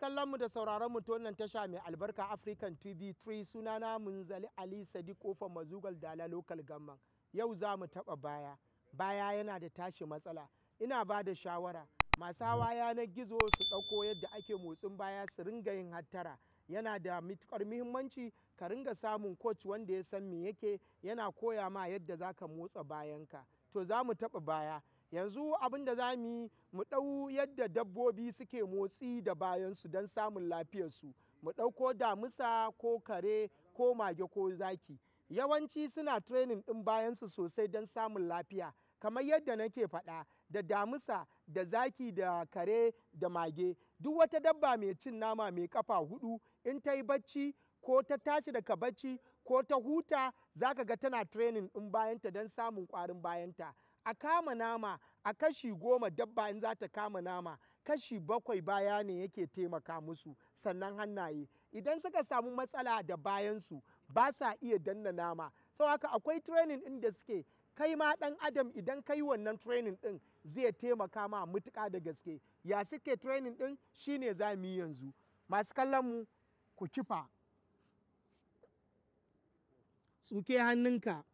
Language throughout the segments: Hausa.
masu da sauraron mu ta tasha mai albarka African TV 3 sunana Munzali Ali Sadiq Kofa Mazugal Dala Local Gamman. Yau za mu taɓa baya. Baya yana da tashi matsala. Ina ba da shawara masu hawa yanar gizo su ɗauko yadda ake motsin baya su ringa yin hattara. yana da matukar muhimmanci ka ringa samun coach wanda ya san me yake yana koya ma yadda za ka motsa bayanka to za mu taɓa baya yanzu abin da za mu yi mu ɗau yadda dabbobi suke motsi da bayansu don samun lafiyarsu mu ɗauko damusa ko kare ko mage ko zaki yawanci suna training ɗin bayansu sosai don samun lafiya kamar yadda nake faɗa da damusa da zaki da kare da mage duk wata dabba mai cin nama mai kafa hudu in ta yi bacci ko ta tashi daga bacci ko ta huta za ka ga tana training ɗin bayanta don samun ƙwarin bayanta a kama nama a kashi goma dabba in za ta kama nama kashi bakwai baya ne yake taimaka musu sannan hannaye idan suka samu matsala da bayansu ba sa iya danna nama sau haka akwai training ɗin da suke kai ma ɗan adam idan kai wannan training ɗin zai taimaka ma mutuka da gaske ya suke training ɗin shine za mu yanzu masu kallon mu ku kifa tsuke hannunka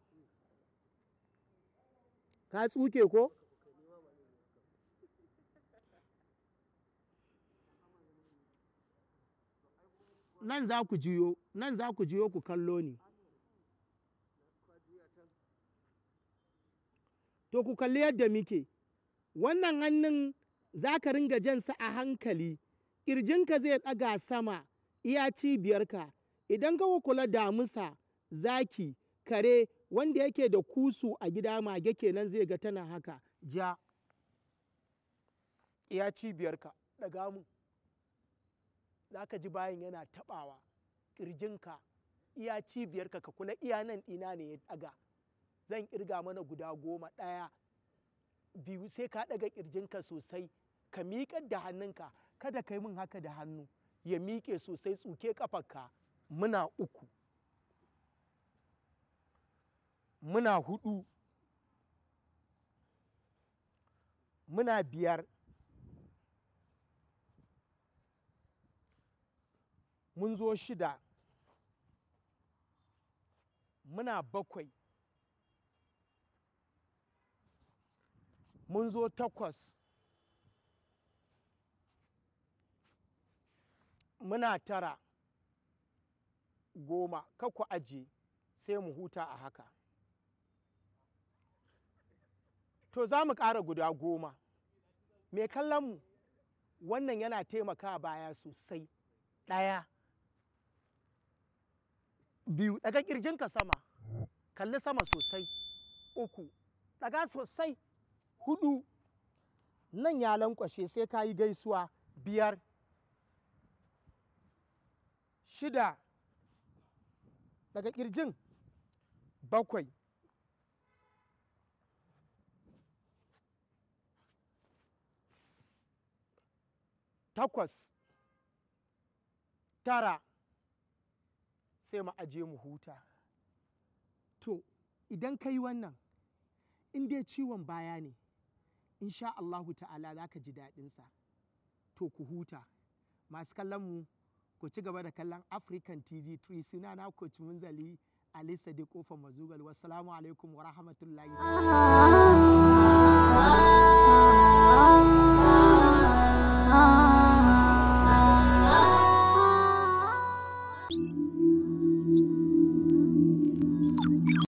ka tsuke ko nan za ku juyo nan za ku juyo ku kallo ni to ku kalli yadda muke wannan hannun za ka ringa jansa a hankali ƙirjinka zai ɗaga sama iya cibiyarka idan ka kula damusa zaki kare wanda yake da kusu a gida mage kenan zai ga tana haka ja iya cibiyarka daga mu za ka ji bayan yana taɓawa ƙirjinka iya cibiyarka ka kula iya nan ina ne ya ɗaga zan ƙirga mana guda goma ɗaya biyu sai ka ɗaga ƙirjinka sosai ka miƙar da hannunka kada ka yi min haka da hannu ya miƙe sosai tsuke ƙafarka muna uku muna hudu muna biyar mun zo shida muna bakwai mun zo takwas muna tara goma kakwa aje sai mu huta a haka to za mu ƙara guda goma mai kallon mu wannan yana taimaka baya sosai ɗaya biyu daga ka sama kalli sama sosai uku daga sosai hudu nan ya lankwashe sai ka yi gaisuwa biyar shida daga ƙirjin bakwai takwas tara sai mu aje mu huta to idan ka wannan in dai ciwon baya ne insha Allahu ta'ala za ka ji sa to ku huta masu kallon mu ku ci gaba da kallon african tv 3 suna na coach munzali ali sadiq kofar mazugal wassalamu alaikum wa rahmatullahi